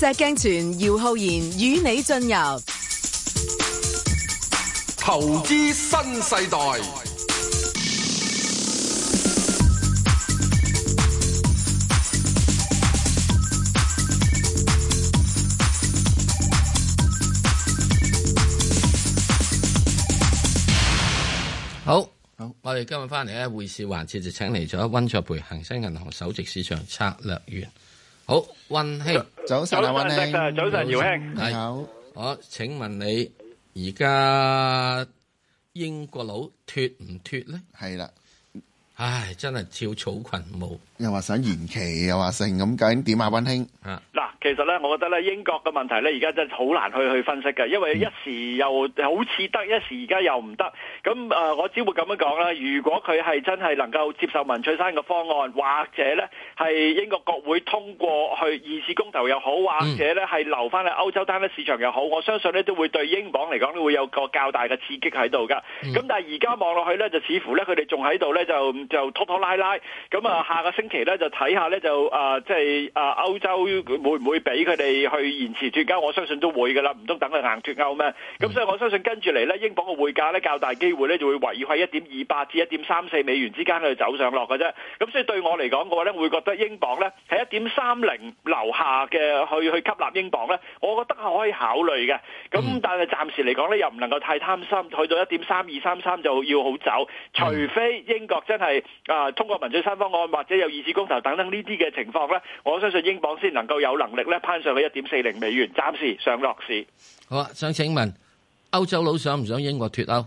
石鏡泉姚浩然與你進入投資新世代。好，好，我哋今日翻嚟咧，匯市環節就請嚟咗溫灼培，恒生銀行首席市場策略員。好，温兄，早晨啊，温兄，早晨，姚兄，係好。我請問你而家英國佬脱唔脱咧？係啦，唉，真係跳草裙舞，又話想延期，又話剩咁究竟，點啊，温兄啊？其實咧，我覺得咧英國嘅問題咧，而家真係好難去去分析嘅，因為一時又好似得，一時而家又唔得。咁誒，我只會咁樣講啦。如果佢係真係能夠接受文翠山嘅方案，或者咧係英國國會通過去二次公投又好，或者咧係留翻喺歐洲單一市場又好，我相信呢都會對英鎊嚟講都會有個較大嘅刺激喺度噶。咁但係而家望落去咧，就似乎咧佢哋仲喺度咧，就就拖拖拉拉。咁啊，下個星期咧就睇下咧就即係、呃即係呃、歐洲會唔會？會俾佢哋去延遲脱歐，我相信都會噶啦，唔通等佢硬脱歐咩？咁所以我相信跟住嚟呢，英鎊嘅匯價呢較大機會呢就會維持喺一點二八至一點三四美元之間去走上落嘅啫。咁所以對我嚟講嘅話呢，我呢我會覺得英鎊呢喺一點三零樓下嘅去去吸納英鎊呢，我覺得可以考慮嘅。咁但係暫時嚟講呢，又唔能夠太貪心，去到一點三二三三就要好走，除非英國真係啊通過文翠珊方案或者有二次公投等等呢啲嘅情況呢，我相信英鎊先能夠有能力力咧攀上去一點四零美元，暫時上落市。好啊，想請問歐洲佬想唔想英國脱歐？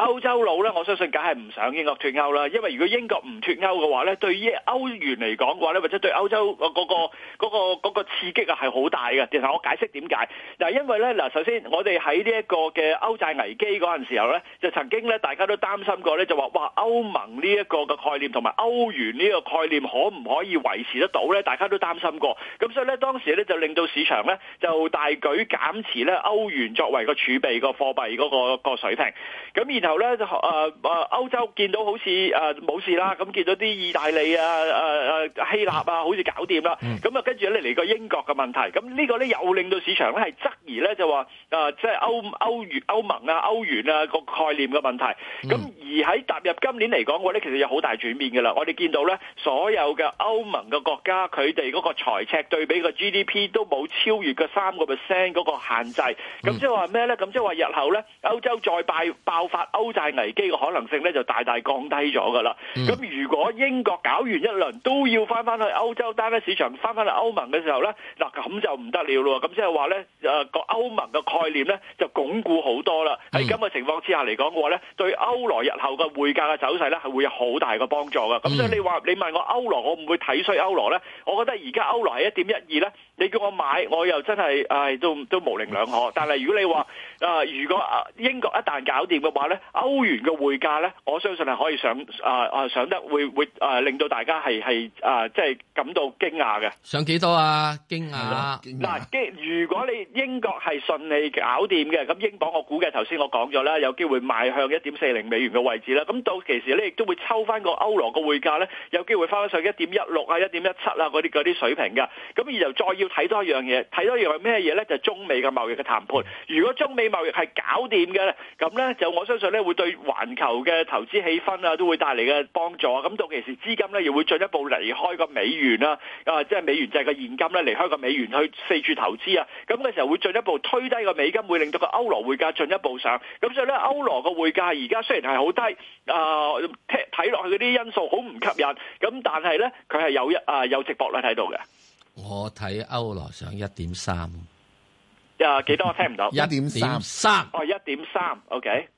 歐洲佬咧，我相信梗係唔想英國脱歐啦，因為如果英國唔脱歐嘅話咧，對於歐元嚟講嘅話咧，或者對歐洲嗰個嗰個嗰個刺激啊係好大嘅。其實我解釋點解嗱，因為咧嗱，首先我哋喺呢一個嘅歐債危機嗰陣時候咧，就曾經咧大家都擔心過咧，就話哇歐盟呢一個嘅概念同埋歐元呢個概念可唔可以維持得到咧？大家都擔心過。咁所以咧當時咧就令到市場咧就大舉減持咧歐元作為個儲備個貨幣嗰個水平。咁然後後咧就，啊啊歐洲見到好似啊冇事啦。咁見到啲意大利啊啊啊希臘啊，好似搞掂啦。咁啊、嗯、跟住咧嚟個英國嘅問題，咁、這個、呢個咧又令到市場咧係質疑咧就話啊，即係歐歐元歐盟啊歐元啊、那個概念嘅問題。咁、嗯、而喺踏入今年嚟講嘅話咧，其實有好大轉變噶啦。我哋見到咧所有嘅歐盟嘅國家，佢哋嗰個財赤對比個 GDP 都冇超越嘅三個 percent 嗰個限制。咁即係話咩咧？咁即係話日後咧歐洲再拜爆發。歐債危機嘅可能性咧就大大降低咗噶啦。咁、嗯、如果英國搞完一輪都要翻翻去歐洲單一市場，翻翻去歐盟嘅時候咧，嗱，咁就唔得了咯。咁即係話咧，誒個歐盟嘅概念咧就鞏固好多啦。喺今個情況之下嚟講嘅話咧，對歐羅日後嘅匯價嘅走勢咧係會有好大嘅幫助嘅。咁所以你話，你問我歐羅，我唔會睇衰歐羅咧。我覺得而家歐羅係一點一二咧，你叫我買我又真係唉都都模棱兩可。但係如果你話啊、呃，如果英國一旦搞掂嘅話咧，歐元嘅匯價呢，我相信係可以上啊啊、呃、上得會會令到大家係係啊即係感到驚訝嘅。上幾多啊？驚訝啊！嗱吧，訝如果你英國係順利搞掂嘅，咁英鎊我估嘅頭先我講咗啦，有機會邁向一點四零美元嘅位置啦。咁到其時呢，亦都會抽翻個歐羅嘅匯價呢，有機會翻返上一點一六啊、一點一七啊嗰啲啲水平嘅。咁然後再要睇多一樣嘢，睇多一樣係咩嘢呢？就是、中美嘅貿易嘅談判。如果中美貿易係搞掂嘅咧，咁呢就我相信，咧會對環球嘅投資氣氛啊，都會帶嚟嘅幫助。咁到其時資金咧，又會進一步離開個美元啦。啊、呃，即係美元就係個現金咧，離開個美元去四處投資啊。咁嘅時候會進一步推低個美金，會令到個歐羅匯價進一步上。咁所以咧，歐羅個匯價而家雖然係好低啊，睇睇落去嗰啲因素好唔吸引。咁但係咧，佢係有一啊、呃、有直播率喺度嘅。我睇歐羅上一點三啊，幾多我聽唔到。一點三三哦，一點三，OK。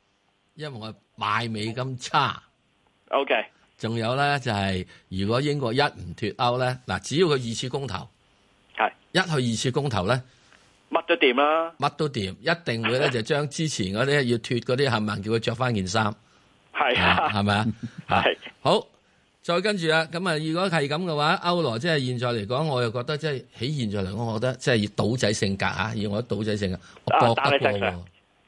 因為我賣美金差，OK，仲有咧就係、是、如果英國一唔脫歐咧，嗱只要佢二次公投，係是一去二次公投咧，乜都掂啦、啊，乜都掂，一定會咧就將之前嗰啲要脫嗰啲係咪叫佢着翻件衫，係係咪啊？係 好，再跟住啊，咁啊，如果係咁嘅話，歐羅即係現在嚟講，我又覺得即係喺現在嚟講，我覺得即係賭仔性格啊，以我賭仔性格，我搏得過打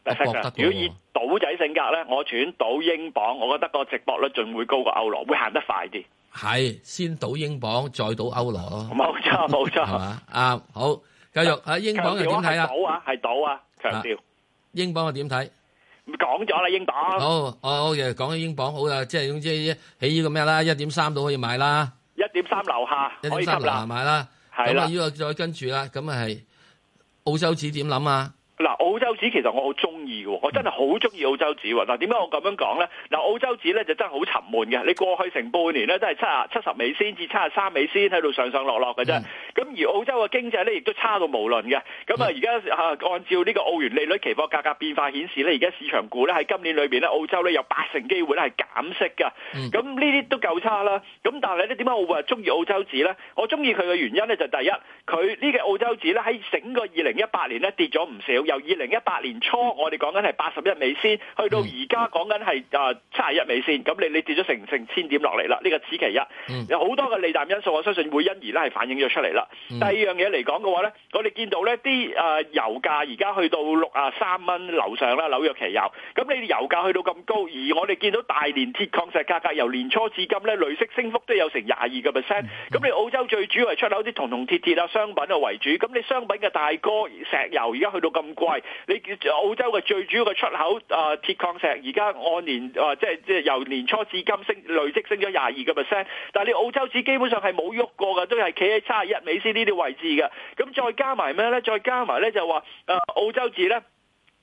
如果以賭仔性格咧，我全賭英鎊，我覺得個直播率仲會高過歐羅，會行得快啲。係先賭英鎊，再賭歐羅咯。冇錯，冇錯，係嘛？啱好，繼續啊！英鎊又點睇啊？賭啊，係賭啊！強調英鎊又點睇？唔講咗啦，英鎊。好，我 OK，講起英鎊好啦，即係總之起呢個咩啦？一點三都可以買啦。一點三樓下，一點三樓下買啦，係啦？咁啊，呢個再跟住啦，咁係澳洲紙點諗啊？澳洲紙其實我好中意嘅，我真係好中意澳洲紙喎。嗱，點解我咁樣講呢？嗱，澳洲紙呢就真係好沉悶嘅。你過去成半年呢，都係七啊七十美仙至，七啊三美仙喺度上上落落嘅啫。咁、嗯、而澳洲嘅經濟呢，亦都差到無論嘅。咁啊，而家嚇按照呢個澳元利率期貨價格變化顯示呢，而家市場估呢喺今年裏邊呢，澳洲呢有八成機會呢係減息㗎。咁呢啲都夠差啦。咁但係呢，點解我會話中意澳洲紙呢？我中意佢嘅原因呢，就第一，佢呢個澳洲紙呢喺整個二零一八年呢跌咗唔少，又二零一八年初，我哋講緊係八十一美仙，去到而家講緊係啊七十一美仙。咁你你跌咗成成千點落嚟啦。呢個此其一，有好多嘅利淡因素，我相信會因而咧係反映咗出嚟啦。第二樣嘢嚟講嘅話咧，我哋見到呢啲啊油價而家去到六啊三蚊樓上啦，紐約期油。咁你哋油價去到咁高，而我哋見到大連鐵礦石價格由年初至今咧累積升幅都有成廿二個 percent。咁你澳洲最主要係出口啲銅銅鐵鐵啊商品啊為主。咁你商品嘅大哥石油而家去到咁貴。你澳洲嘅最主要嘅出口啊、呃，鐵礦石而家按年啊，即係即係由年初至今升累積升咗廿二個 percent，但係你澳洲紙基本上係冇喐過嘅，都係企喺七十一美仙呢啲位置嘅。咁再加埋咩咧？再加埋咧就話啊、呃，澳洲紙咧。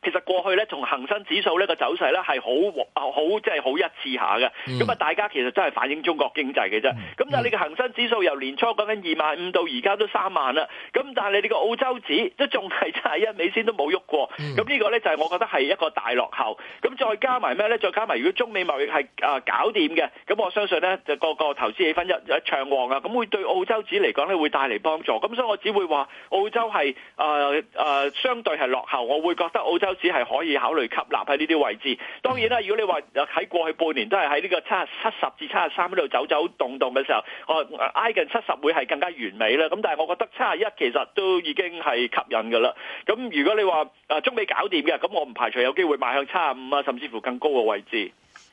其實過去咧，同恒生指數呢個走勢咧係好好即係好一致下嘅。咁啊、嗯，大家其實真係反映中國經濟嘅啫。咁、嗯、但係你個恒生指數由年初講緊二萬五到而家都三萬啦。咁但係你哋個澳洲指都仲係真係一美仙都冇喐過。咁呢、嗯、個咧就係我覺得係一個大落後。咁再加埋咩咧？再加埋如果中美貿易係啊搞掂嘅，咁我相信咧就個個投資氣氛一一暢旺啊，咁會對澳洲指嚟講咧會帶嚟幫助。咁所以我只會話澳洲係啊、呃呃、相對係落後。我會覺得澳洲。都只係可以考慮吸納喺呢啲位置。當然啦，如果你話喺過去半年都係喺呢個七七十至七十三度走走動動嘅時候，我、啊、挨近七十會係更加完美啦。咁但係我覺得七十一其實都已經係吸引㗎啦。咁如果你話啊中美搞掂嘅，咁我唔排除有機會邁向七十五啊，甚至乎更高嘅位置。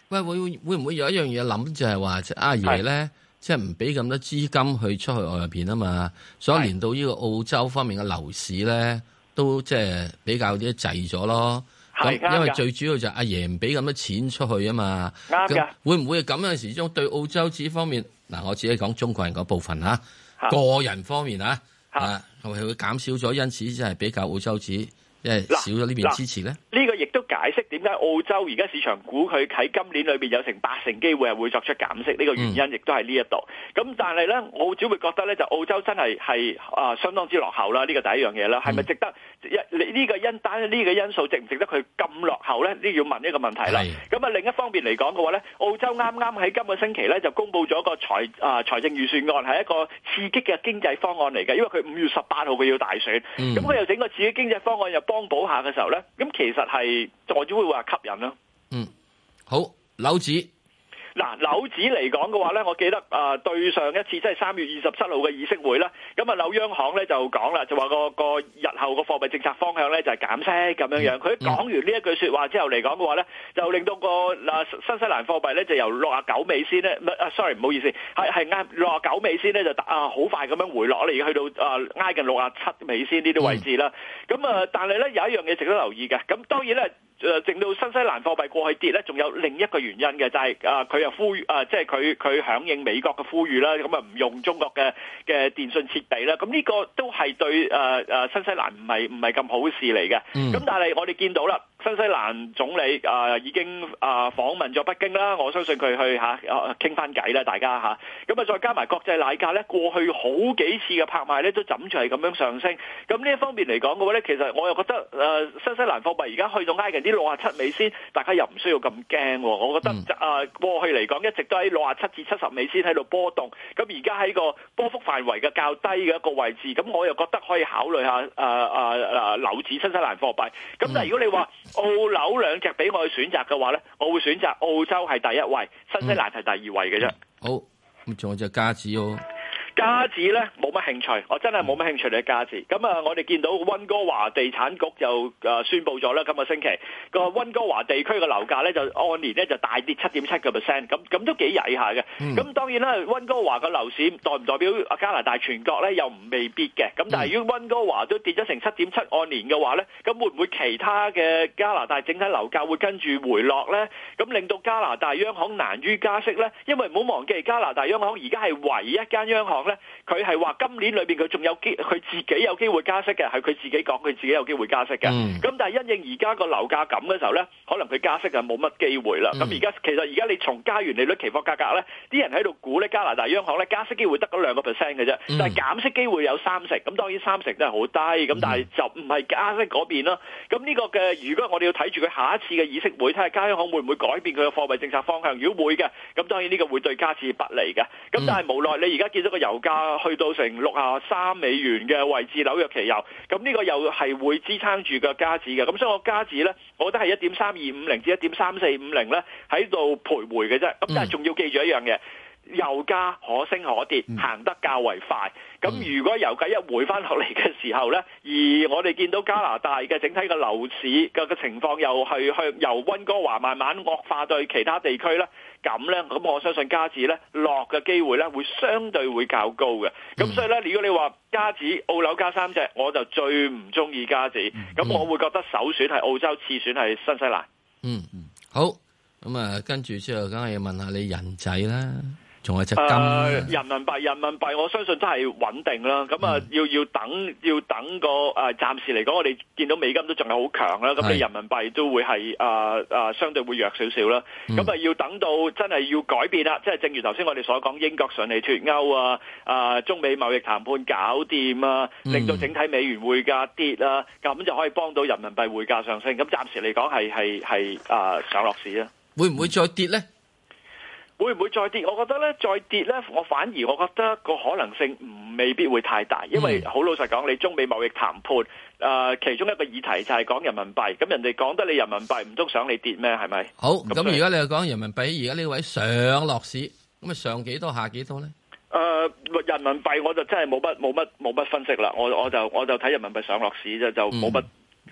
喂，會會唔會有一樣嘢諗就係、是、話阿爺呢，即係唔俾咁多資金去出去外邊啊嘛，所以連到呢個澳洲方面嘅樓市呢。都即係比較啲滯咗咯，係是因為最主要就阿爺唔俾咁多錢出去啊嘛，啱的會唔會咁樣，始終對澳洲紙方面嗱，我只係講中國人嗰部分嚇的個人方面嚇的啊，係會減少咗，因此即係比較澳洲紙。少咗呢邊支持呢呢、呢個亦都解釋點解澳洲而家市場估佢喺今年裏邊有成八成機會係會作出減息呢、呢個原因，亦都係呢一度。咁但係呢，我只會覺得呢就澳洲真係係啊相當之落後啦。呢、呢個第一樣嘢啦，係咪值得？呢、嗯、個因單呢、呢個因素值唔值得佢咁落後呢？呢要問呢個問題啦。咁啊是另一方面嚟講嘅話呢，澳洲啱啱喺今個星期呢就公布咗個財啊、呃、財政預算案，係一個刺激嘅經濟方案嚟嘅。因為佢五月十八號佢要大選，咁佢、嗯、又整個刺激經濟方案又。幫補下嘅時候咧，咁其實，係再只會話吸引咯。嗯，好，樓子。嗱紐子嚟講嘅話咧，我記得啊，對上一次即係三月二十七號嘅議息會啦，咁啊紐央行咧就講啦，就話個個日後個貨幣政策方向咧就係、是、減息咁樣樣。佢講完呢一句説話之後嚟講嘅話咧，就令到個啊新西蘭貨幣咧就由六啊九美仙咧，啊，sorry 唔好意思，係係啱六啊九美仙咧就啊好快咁樣回落，嚟，去到啊挨近六啊七美仙呢啲位置啦。咁啊，但係咧有一樣嘢值得留意嘅，咁當然咧誒，淨、啊、到新西蘭貨幣過去跌咧，仲有另一個原因嘅，就係、是、啊佢呼籲啊，即係佢佢響應美國嘅呼籲啦，咁啊唔用中國嘅嘅電信設備啦，咁呢個都係對誒誒新西蘭唔係唔係咁好事嚟嘅。咁、嗯、但係我哋見到啦。新西蘭總理啊、呃、已經啊、呃、訪問咗北京啦，我相信佢去嚇傾翻偈啦，大家咁啊再加埋國際奶價咧，過去好幾次嘅拍賣咧都枕住係咁樣上升，咁呢一方面嚟講嘅話咧，其實我又覺得誒、呃、新西蘭貨幣而家去到挨近啲六十七美先，大家又唔需要咁驚、哦。我覺得、嗯、啊過去嚟講一直都喺六十七至七十美先喺度波動，咁而家喺個波幅範圍嘅較低嘅一個位置，咁我又覺得可以考慮下樓指、呃呃、新西蘭貨幣。咁但係如果你話，嗯嗯澳紐兩隻俾我去選擇嘅話呢，我會選擇澳洲係第一位，新西蘭係第二位嘅啫、嗯嗯。好，咁仲有隻加紙哦。加紙咧，冇乜興趣，我真係冇乜興趣嘅加紙。咁啊，我哋見到溫哥華地產局就宣佈咗啦，今個星期個溫哥華地區嘅樓價咧就按年咧就大跌七點七個 percent，咁咁都幾曳下嘅。咁當然啦，溫哥華嘅樓市代唔代表加拿大全國咧又唔未必嘅。咁但係如果溫哥華都跌咗成七點七按年嘅話咧，咁會唔會其他嘅加拿大整體樓價會跟住回落咧？咁令到加拿大央行難於加息咧？因為唔好忘記，加拿大央行而家係唯一間央行。佢係話今年裏邊佢仲有機佢自己有機會加息嘅，係佢自己講佢自己有機會加息嘅，咁、嗯、但係因應而家個樓價咁嘅時候咧，可能佢加息就冇乜機會啦。咁而家其實而家你從加元利率期貨價格咧，啲人喺度估咧，加拿大央行咧加息機會得嗰兩個 percent 嘅啫，但係減息機會有三成。咁當然三成都係好低，咁但係就唔係加息嗰邊啦。咁呢個嘅，如果我哋要睇住佢下一次嘅議息會，睇下加央行會唔會改變佢嘅貨幣政策方向。如果會嘅，咁當然呢個會對加紙不利嘅。咁但係無奈你而家見到個油油價去到成六啊三美元嘅位置，紐約期油咁呢個又係會支撐住嘅加字嘅，咁所以個加字呢，我覺得係一點三二五零至一點三四五零呢，喺度徘徊嘅啫。咁但係仲要記住一樣嘢：油價可升可跌，行得較為快。咁如果油價一回翻落嚟嘅時候呢，而我哋見到加拿大嘅整體嘅樓市嘅個情況又係向由溫哥華慢慢惡化對其他地區呢。咁呢，咁我相信加紙呢落嘅機會呢會相對會較高嘅。咁所以呢，如果你話加紙澳紐加三隻，我就最唔中意加紙。咁我會覺得首選係澳洲，次選係新西蘭。嗯，好。咁啊，跟住之後，梗係要問下你人仔啦。誒人民幣，人民幣，我相信真係穩定啦。咁啊，要要等，要等個誒，暫時嚟講，我哋見到美金都仲係好強啦。咁你人民幣都會係誒相對會弱少少啦。咁啊，要等到真係要改變啦，即係正如頭先我哋所講，英國順利脫歐啊，啊，中美貿易談判搞掂啊，令到整體美元匯價跌啊，咁就可以幫到人民幣匯價上升。咁暫時嚟講係係係誒上落市啦。會唔會再跌咧？會唔會再跌？我覺得咧，再跌咧，我反而我覺得個可能性唔未必會太大，因為好、嗯、老實講，你中美貿易談判誒、呃，其中一個議題就係講人民幣，咁人哋講得你人民幣唔通想你跌咩？係咪？好，咁而家你又講人民幣，而家呢位上落市，咁啊上幾多下幾多咧？誒、呃，人民幣我就真係冇乜冇乜冇乜分析啦，我我就我就睇人民幣上落市啫，就冇乜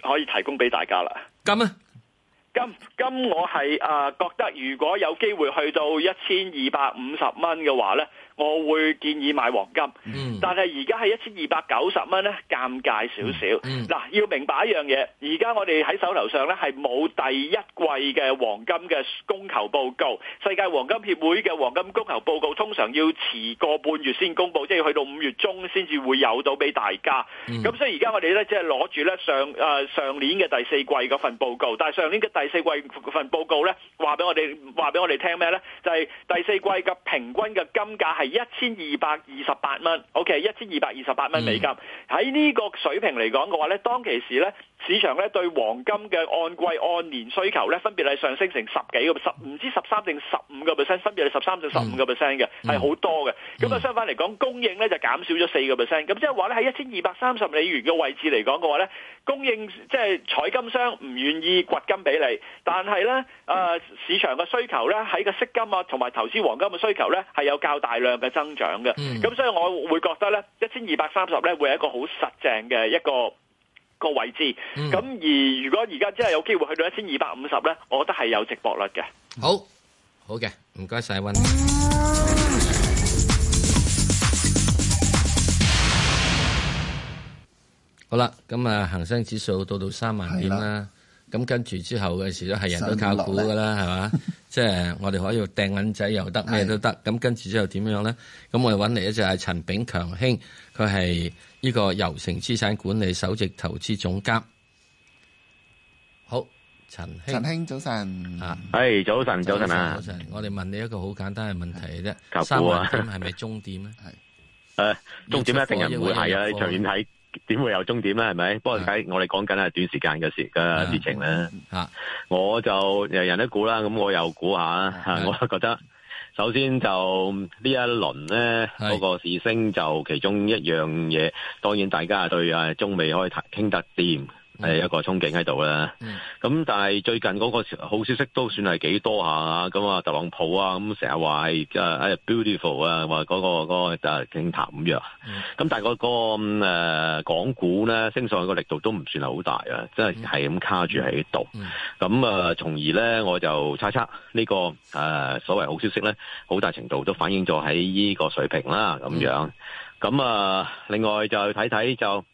可以提供俾大家啦。咁啊、嗯？今今我係啊，覺得如果有機會去到一千二百五十蚊嘅話咧，我會建議買黃金，但係而家係一千二百九十蚊咧，尷尬少少。嗱，要明白一樣嘢，而家我哋喺手頭上咧係冇第一季嘅黃金嘅供求報告，世界黃金協會嘅黃金供求報告通常要遲個半月先公布，即係去到五月中先至會有到俾大家。咁所以而家我哋咧即係攞住咧上誒、呃、上年嘅第四季份報告，但係上年嘅第四季份報告咧，話俾我哋話俾我哋聽咩咧？就係、是、第四季嘅平均嘅金價係。一千二百二十八蚊，OK，一千二百二十八蚊美金喺呢個水平嚟講嘅話呢，當其時呢，市場呢對黃金嘅按季按年需求呢，分別係上升成十幾個十，唔知十三定十五個 percent，分別係十三到十五個 percent 嘅，係好多嘅。咁啊，相反嚟講，供應呢就減少咗四個 percent。咁即係話呢，喺一千二百三十美元嘅位置嚟講嘅話呢，供應即係彩金商唔願意掘金俾你，但係呢啊，市場嘅需求呢，喺個息金啊同埋投資黃金嘅需求呢，係有較大量嘅增長嘅，咁、嗯、所以我會覺得呢，一千二百三十呢會係一個好實淨嘅一個一個位置。咁、嗯、而如果而家真係有機會去到一千二百五十呢，我覺得係有值博率嘅。好的，謝謝。 好嘅，唔該晒温。好啦，咁啊，恒生指數到到三萬點啦。咁的跟住之後嘅時都係人都靠估噶啦，係嘛？是吧 即係我哋可以訂銀仔又得，咩都得。咁跟住之後點樣咧？咁我哋揾嚟一只係陳炳強兄，佢係呢個悠誠資產管理首席投資總監。好，陳兄，陳兄早晨。啊，係早晨，早晨啊！我哋問你一個好簡單嘅問題啫，三萬點係咪終點咧？係誒，終點咧，一定係會係啊！長遠睇。點會有終點咧？係咪？不過睇我哋講緊係短時間嘅事嘅事情咧。吓 Yeah. Yeah.，我就人人都估啦。咁我又估下。吓，Yeah. Yeah. 我都覺得，首先就呢一輪咧，嗰個 Yeah. 市升就其中一樣嘢，當然大家係對啊，中美可以傾得掂。係一個憧憬喺度咧，咁、嗯、但係最近嗰個好消息都算係幾多下、啊，咁啊特朗普啊，咁成日話即係 beautiful 啊，話嗰、那個、那個誒驚嘆五約，咁但係嗰個誒、那個那個啊、港股咧，升上去個力度都唔算係好大啊，即係係咁卡住喺度，咁、嗯、啊，從而咧我就猜測呢、這個誒、啊、所謂好消息咧，好大程度都反映咗喺呢個水平啦，咁樣，咁、嗯、啊，另外就睇睇就。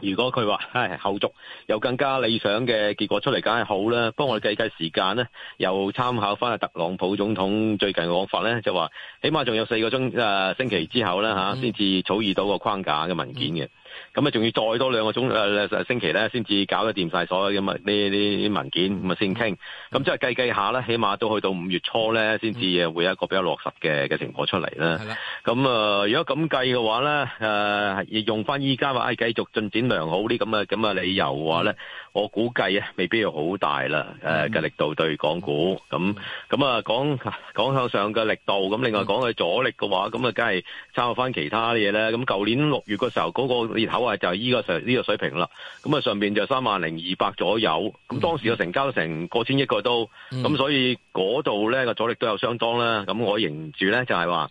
如果佢話係後續有更加理想嘅結果出嚟，梗係好啦。幫我哋計計時間咧，又參考翻阿特朗普總統最近嘅講法咧，就話起碼仲有四個鐘誒，星期之後咧吓，先至草擬到個框架嘅文件嘅。咁啊，仲要再多兩個鐘誒星期咧先至搞得掂晒所有咁啊呢啲文件，咁啊先傾。咁即係計計下咧，起碼都去到五月初咧，先至會有一個比較落實嘅嘅情況出嚟啦。咁啊、嗯，如果咁計嘅話咧，誒，用翻依家話繼續進展良好啲咁嘅咁理由嘅話咧。我估計啊，未必要好大啦，誒嘅力度對港股咁咁啊，講講向上嘅力度，咁另外講佢阻力嘅話，咁啊，梗係參考翻其他嘅嘢咧。咁舊年六月嗰時候嗰個裂口啊、這個，就依個上呢個水平啦。咁啊，上邊就三萬零二百左右，咁當時嘅成交成過千億個都，咁、嗯、所以嗰度咧個阻力都有相當啦。咁我認住咧就係話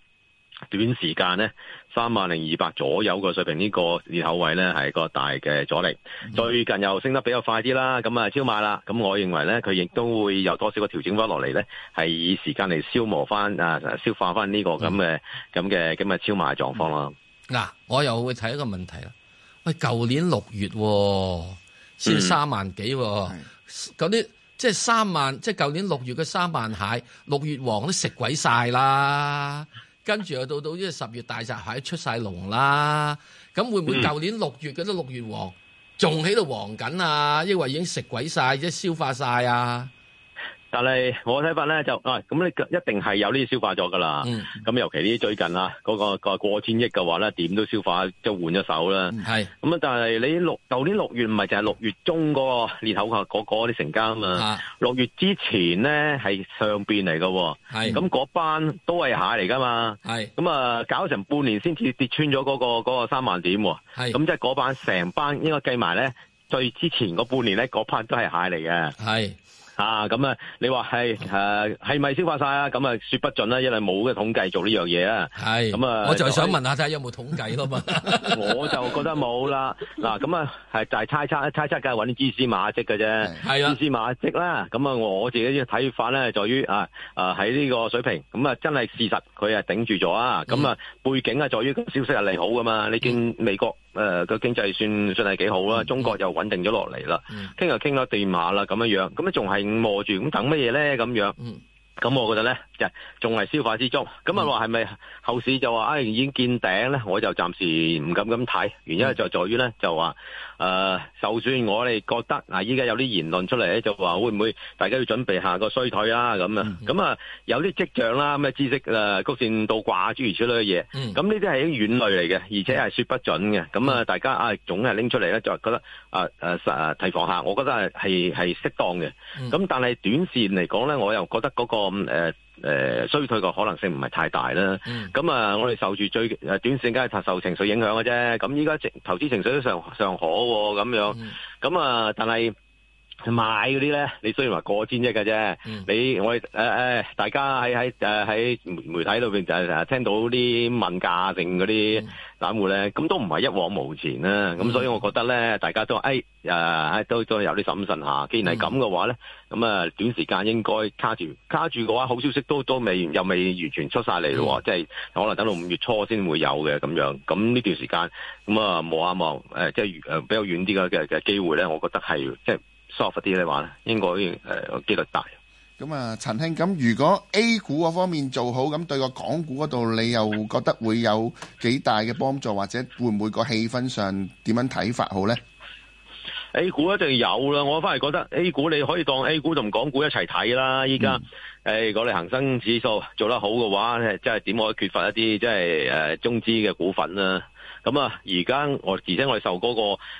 短時間咧。三萬零二百左右嘅水平，呢個裂口位咧，係一個大嘅阻力，嗯、最近又升得比較快啲啦，咁啊超買啦，咁我認為咧佢亦都會有多少個調整翻落嚟咧，係以時間嚟消磨翻啊，消化翻呢個咁嘅咁嘅咁嘅超買狀況咯。嗱、嗯啊，我又會睇一個問題啦，喂，舊年六月先、啊、三萬幾、啊，咁啲即係三萬，即係舊年六月嘅三萬蟹，六月王都食鬼晒。啦。跟住又到到呢十月大閘蟹出晒籠啦，咁會唔會舊年六月嗰啲六月黃仲喺度黃緊啊？抑或已經食鬼晒，即係消化晒啊？但係我睇法咧就，咁、哎、你一定係有呢啲消化咗噶啦。咁、嗯、尤其呢啲最近啦，嗰、嗰個、嗰個過千億嘅話咧，點都消化，就換咗手啦。係咁啊，但係你六舊年六月唔係就係六月中嗰、嗰個裂口嘅嗰嗰啲成交啊嘛。六月之前咧係上邊嚟嘅，咁嗰是班都係蟹嚟噶嘛。係咁啊，搞成半年先至跌穿咗嗰、嗰個嗰、嗰個三萬點、啊。喎是。咁即係嗰班成班應該計埋咧，最之前嗰半年咧嗰批都係蟹嚟嘅。係。啊，咁啊，你話係誒係咪消化晒啊？咁啊，說不準啦，因為冇嘅統計做呢樣嘢啊。係是，咁啊，我就係想問下睇下有冇統計咯嘛？ 我就覺得冇啦。嗱、啊，咁啊係就係猜測，猜測梗係搵啲蛛絲馬跡㗎啫。係啊，蛛絲馬跡啦。咁啊，我自己嘅睇法咧，在於啊誒喺呢個水平，咁啊真係事實佢係頂住咗啊。咁啊背景啊，在於消息係利好噶嘛。嗯、你見美國。誒，個、呃、經濟算算係幾好啦，中國又穩定咗落嚟啦，傾、嗯、又傾到電話啦，咁樣樣，咁咧仲係磨住，咁等乜嘢咧？咁樣，咁、嗯、我覺得咧就仲係消化之中，咁啊話係咪後市就話啊、哎、已經見頂咧？我就暫時唔敢咁睇，原因就在於咧就話。誒，就、呃、算我哋覺得嗱，依家有啲言論出嚟咧，就話會唔會大家要準備下個衰退啦咁啊，咁啊、嗯、有啲跡象啦，咩知識啊，曲線倒掛諸如此類嘅嘢，咁呢啲係啲遠慮嚟嘅，嗯、而且係說不準嘅，咁、嗯嗯、啊，大家啊總係拎出嚟咧，就覺得誒誒提防下，我覺得係係係適當嘅，咁、嗯嗯、但係短線嚟講咧，我又覺得嗰、那個、呃誒、呃，衰退嘅可能性唔係太大啦。咁啊、嗯嗯，我哋受住最誒短線梗係受情緒影響嘅啫。咁依家情投資情緒都尚尚可咁、哦、樣。咁、嗯、啊、嗯嗯嗯，但係。買嗰啲咧，你雖然話過千億嘅啫，你我誒誒，大家喺喺誒喺媒媒體裡邊就成日聽到啲問價定嗰啲散戶咧，咁都唔係一往無前啦。咁所以我覺得咧，大家都誒誒，都都有啲審慎吓。既然係咁嘅話咧，咁啊短時間應該卡住卡住嘅話，好消息都都未又未完全出晒嚟咯，即係可能等到五月初先會有嘅咁樣。咁呢段時間咁啊望一望誒，即係誒比較遠啲嘅嘅嘅機會咧，我覺得係即係。soft 啲你話咧，應該誒機率大。咁啊，陳慶，咁如果 A 股嗰方面做好，咁對個港股嗰度，你又覺得會有幾大嘅幫助，或者會唔會個氣氛上點樣睇法好呢？A 股一定有啦，我反而覺得 A 股你可以當 A 股同港股一齊睇啦。依家誒，我哋、嗯、恆生指數做得好嘅話，誒即係點可以缺乏一啲即係誒中資嘅股份啦？咁啊，而家我而且我哋受嗰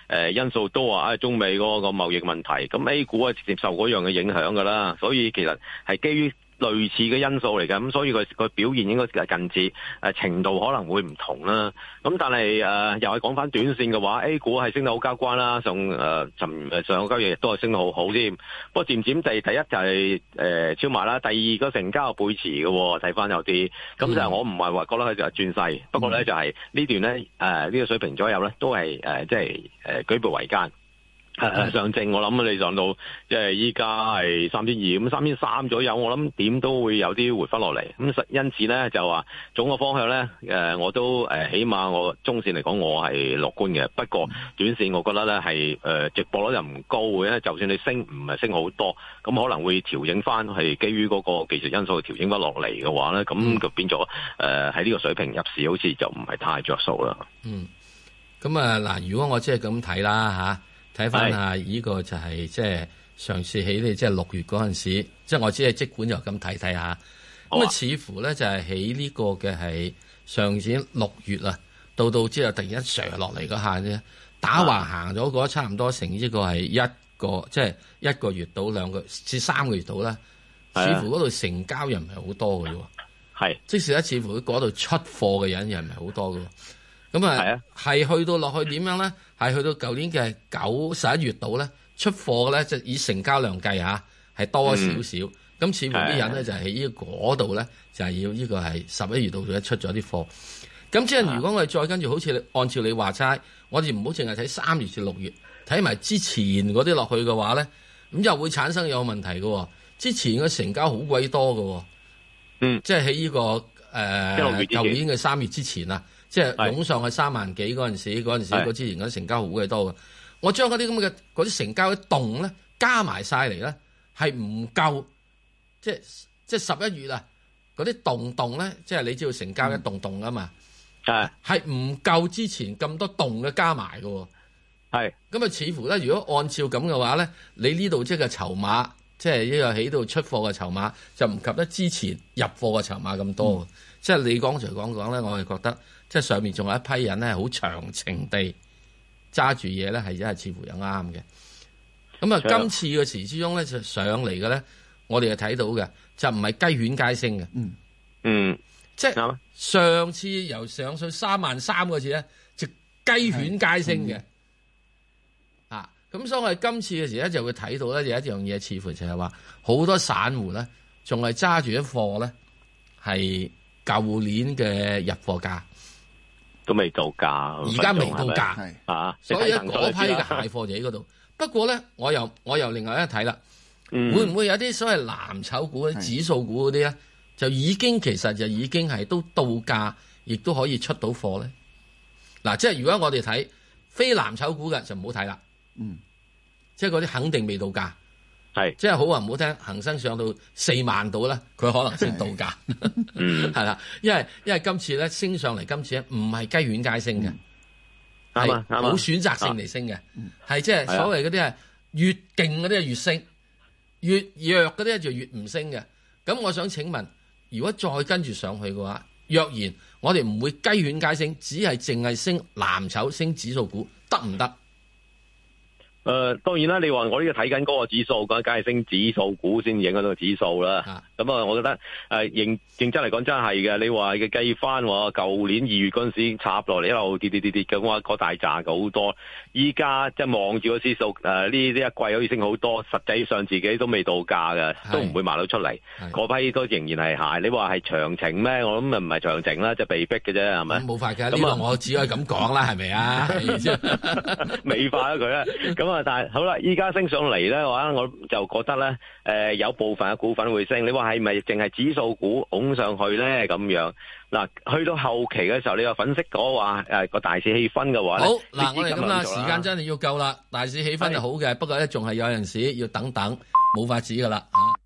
個誒因素多啊，啊中美嗰個貿易問題，咁 A 股啊直接受嗰樣嘅影響噶啦，所以其實係基於。類似嘅因素嚟嘅，咁所以佢佢表現應該係近似，誒、呃、程度可能會唔同啦。咁但係誒、呃、又係講翻短線嘅話，A、欸、股係升得好交關啦，仲誒尋誒上個交易日都係升得好好添。不過漸漸地第一就係、是、誒、呃、超買啦，第二個成交背馳嘅喎，睇翻有啲。咁就我唔係話覺得佢就係轉勢，不過咧就係、是、呢段咧誒呢個水平左右咧都係誒、呃、即係誒、呃、舉步維艱。上證我諗你上到即係依家係三千二咁，三千三左右，我諗點都會有啲回翻落嚟。咁因此呢，就話總個方向呢，呃、我都、呃、起碼我中線嚟講，我係樂觀嘅。不過短線，我覺得呢係、呃、值博率又唔高嘅。就算你升唔係升好多，咁可能會調整翻，係基於嗰個技術因素調整翻落嚟嘅話呢，咁就變咗誒喺呢個水平，入市好似就唔係太着數啦。嗯，咁啊嗱，如果我即係咁睇啦、啊睇翻下呢個就係即係上次起你，即係六月嗰陣時，即係我只係即管又咁睇睇下。咁啊、哦，似乎咧就係喺呢個嘅係上次六月啊，到到之後突然一瀉落嚟嗰下咧，打橫行咗個的差唔多成呢個係一個即係一個月到兩個至三個月到啦。的似乎嗰度成交人唔係好多嘅喎，係的即使咧，似乎嗰度出貨嘅人又唔係好多嘅。咁那啊，係去到落去點樣咧？係去到舊年嘅九十一月度咧，出貨咧就是、以成交量計下，係、啊、多少少。咁、嗯、似乎啲人咧、啊、就係依嗰度咧，就係、是、要呢個係十一月度咧出咗啲貨。咁即係如果我哋再跟住，好似你按照你話齋，我哋唔好淨係睇三月至六月，睇埋之前嗰啲落去嘅話咧，咁又會產生有問題嘅、哦。之前嘅成交好鬼多㗎、哦、嗯，即係喺呢個誒舊、呃、年嘅三月之前啊。即係湧是上去三萬幾嗰陣時，嗰時嗰之前嗰成交好鬼多嘅。是我將嗰啲咁嘅啲成交一棟咧加埋晒嚟咧係唔夠，即係即係十一月啊嗰啲洞洞咧，即係你知道成交一棟棟啊嘛，係係唔夠之前咁多棟嘅加埋嘅，係咁啊，咁似乎咧如果按照咁嘅話咧，你呢度即係個籌碼。即係呢個喺度出貨嘅籌碼就唔及得之前入貨嘅籌碼咁多，嗯、即係你剛才講講呢，咧，我係覺得即係上面仲有一批人咧，係好長情地揸住嘢咧，係真係似乎又啱嘅。咁啊，今次嘅時之中咧，就上嚟嘅咧，我哋就睇到嘅就唔係雞犬皆升嘅。嗯嗯，即係上次由上到三萬三嗰次咧，就雞犬皆升嘅。嗯嗯咁所以我哋今次嘅時候咧，就會睇到咧有一樣嘢，似乎就係話好多散戶咧，仲係揸住一貨咧，係舊年嘅入貨價都未到價，而家未到價啊！是是所以嗰批嘅蟹貨就喺嗰度， 不過咧，我又我又另外一睇啦，嗯、會唔會有啲所謂藍籌股指數股嗰啲咧，就已經其實就已經係都到價，亦都可以出到貨咧？嗱、啊，即係如果我哋睇非藍籌股嘅，就唔好睇啦。嗯，即係嗰啲肯定未到價，係是即係好話唔好聽，恒生上到四萬度呢，佢可能先到價，係啦是， 因為因為今次咧升上嚟，今次咧唔係雞犬皆升嘅，係冇、嗯、選擇性嚟升嘅，係即係所謂嗰啲係越勁嗰啲越升，的越弱嗰啲就越唔升嘅。咁我想請問，如果再跟住上去嘅話，若然我哋唔會雞犬皆升，只係淨係升藍籌、升指數股，得唔得？誒、呃，當然啦，你話我呢個睇緊嗰個指數，咁梗係升指數股先影響到個指數啦。啊咁啊、嗯，我覺得誒認、呃、認真嚟講真係嘅。你話嘅計翻喎，舊年二月嗰陣時已經插落嚟，一路跌跌跌跌，咁話個大扎好多。依家即係望住個指數誒，呢、呃、啲一季可以升好多。實際上自己都未到價嘅，是都唔會賣到出嚟。嗰的批都仍然係蟹。你話係長情咩？我諗啊唔係長情啦，就係、是、被逼嘅啫，係咪、嗯？冇吧法㗎。咁啊、嗯，我只可以咁講啦，係咪 啊？未 化咗佢啦。咁啊，但係好啦，依家升上嚟咧，話我就覺得咧誒、呃，有部分嘅股份會升。你話係咪淨係指數股拱上去咧咁樣？嗱，去到後期嘅時候，你又粉飾股話誒個、呃、大市氣氛嘅話好嗱，我哋咁啦時間真係要夠啦，大市氣氛就好嘅，是不過咧仲係有陣時要等等，冇法子噶啦啊。